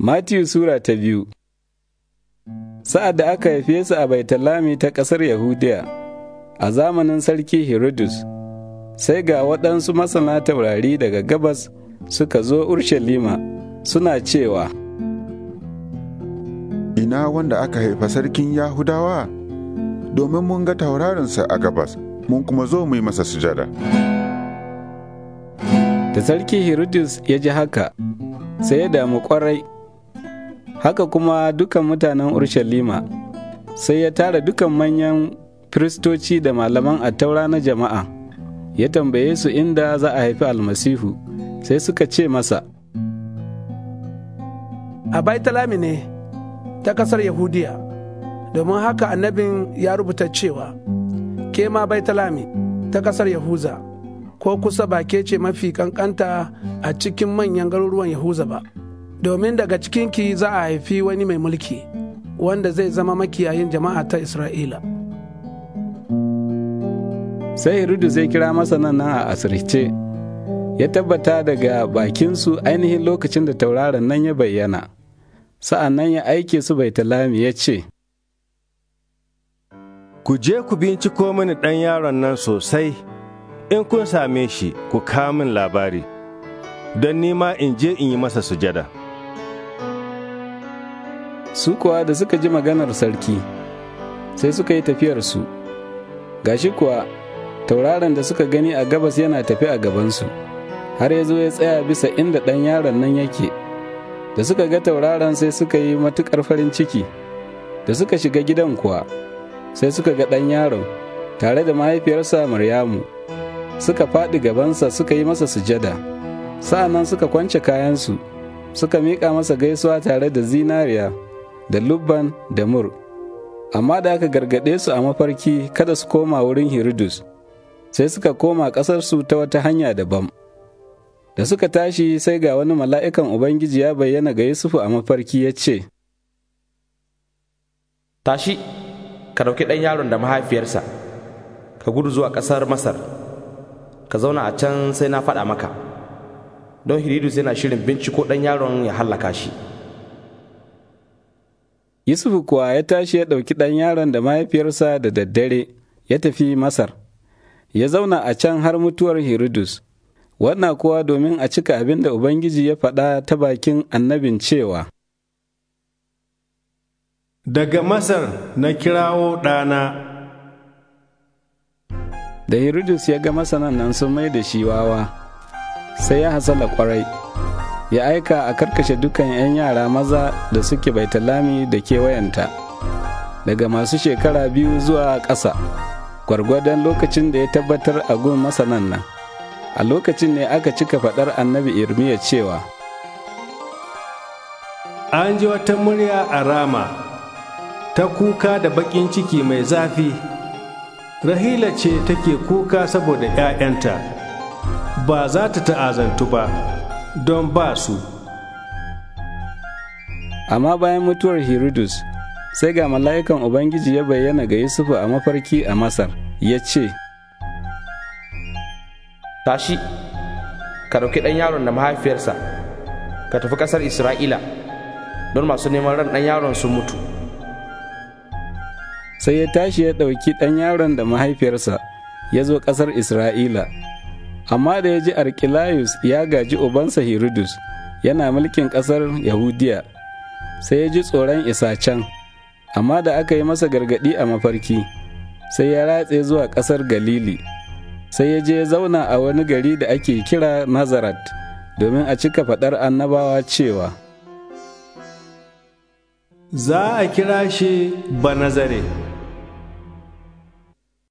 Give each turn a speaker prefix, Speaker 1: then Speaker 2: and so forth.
Speaker 1: Matiyu Sura ta biyu Sa'ad da aka haife su a Baitalami ta ƙasar Yahudiya, a zamanin Sarki Herodus, sai ga waɗansu masana taurari daga gabas suka zo Urshalima suna cewa, Ina wanda aka haifa sarkin Yahudawa, domin mun ga taurarinsa a gabas, mun kuma zo mu yi masa sujada. Da Sarki Herodus ya ji haka, sai ya damu kwarai. haka kuma dukan mutanen Urshalima, sai ya tara dukan manyan firistoci da malaman a taura na jama'a, ya tambaye su inda za a haifi almasihu, sai suka ce masa, A Baitalami ne ta kasar Yahudiya, domin haka annabin ya rubuta cewa, Ke ma Baitalami ta kasar Yahuza, ko kusa ba ke ce mafi kankanta a cikin manyan garuruwan Yahuza ba. domin daga cikinki za a haifi wani mai mulki wanda zai zama makiyayin jama'a ta Isra'ila. Sai Hirudu zai kira masanan nan a asirce, ya tabbata daga bakinsu ainihin lokacin da tauraron nan ya bayyana, sa'an nan ya aike su bai talami ya ce,
Speaker 2: Ku je ku binciko mini ɗan yaron nan sosai, in kun same shi ku kawo min labari, don nima in je in yi masa sujada.
Speaker 1: su kuwa da suka ji maganar sarki sai suka yi tafiyarsu gashi kuwa tauraron da suka gani a gabas yana tafi a gabansu har ya zo ya tsaya bisa inda ɗan yaron nan yake da suka ga tauraron sai suka yi matuƙar farin ciki da suka shiga gidan kuwa sai suka ga ɗan yaron tare da mahaifiyarsa maryamu suka faɗi gabansa suka yi masa sujada sa'annan nan suka kwance kayansu suka miƙa masa gaisuwa tare da zinariya da lubban da mur amma da aka gargaɗe su a mafarki kada su koma wurin hiridus sai suka koma ƙasarsu ta wata hanya daban da suka tashi sai ga wani mala'ikan ubangiji ya bayyana ga yusufu a mafarki ya ce tashi ka ɗauki ɗan yaron da mahaifiyarsa ka gudu zuwa ƙasar masar ka zauna a can sai na faɗa maka don hiridus yana shirin binciko ɗan yaron ya hallaka shi Yusuf kuwa ya tashi ya ɗauki ɗan yaron da mahaifiyarsa da daddare ya tafi Masar, ya zauna a can har mutuwar Hiridus, wannan kuwa domin a cika abin da Ubangiji ya faɗa ta bakin annabin cewa.
Speaker 2: Daga Masar na kirawo ɗana.
Speaker 1: Da Hiridus ya ga masanan nan sun mai da shi wawa, sai ya hasala ƙwarai. ya aika a karkashe dukan 'yan yara maza da suke lami da kewayenta daga masu shekara biyu zuwa ƙasa gwargwadon lokacin da ya tabbatar a gun masanan nan a lokacin ne aka cika faɗar annabi irmiya cewa
Speaker 2: an ji wata murya a rama ta kuka da baƙin ciki mai zafi rahila ce take kuka saboda 'ya'yanta
Speaker 1: ba za ta ta'azantu ba don ba su amma bayan mutuwar Herodus, sai ga mala'ikan Ubangiji ya bayyana ga Yusufu a mafarki a Masar ya ce, Tashi, ka ɗauki ɗan yaron da mahaifiyarsa, ka tafi ƙasar Isra'ila don masu neman ran ɗan yaron sun mutu. Sai ya tashi ya ɗauki ɗan yaron da mahaifiyarsa ya zo ƙasar Isra'ila. amma da ya ji arkilayus ya gaji ubansa herodus yana mulkin ƙasar yahudiya sai ya ji tsoron isa can amma da aka yi masa gargaɗi a mafarki sai ya ratse zuwa ƙasar galili sai ya je zauna a wani gari da ake kira nazarat domin a cika faɗar annabawa cewa
Speaker 2: za a kira shi ba nazare